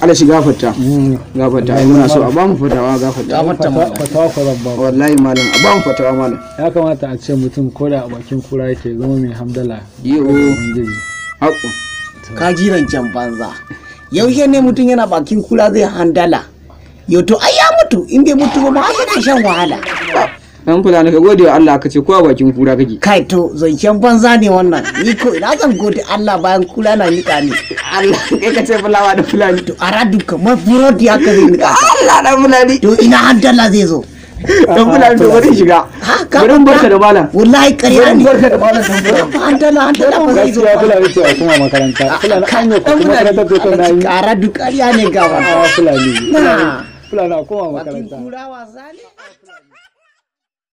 ala shi gafarta hmm. gafarta ai muna so a ba mu fatawa gafarta fatawa ko babba wallahi malam a ba mu fatawa malam ya kamata a ce mutum ko da a bakin kura yake zama mai hamdala yo haƙo ka jiran can banza yaushe ne mutum yana bakin kura zai handala yau to ai ya mutu in bai mutu ba ma yana shan wahala dan fulani ka gode wa Allah ka ce kowa bakin kura kake kai to zancen banza ne wannan ni ko ina zan gode Allah bayan kula na nika ne Allah kai ka ce fulawa da fulani to aradu furo di aka zai nika Allah da fulani to ina haddala zai zo dan fulani to bari shiga bari barka da malam wallahi ƙarya ne barka da malam dan fulani dan fulani ba zai zo ba fulani ce a kuma makaranta fulani kan yau kuma makaranta to kan nayi aradu ƙarya ne ga ah, fulani fulani a kuma makaranta kurawa zali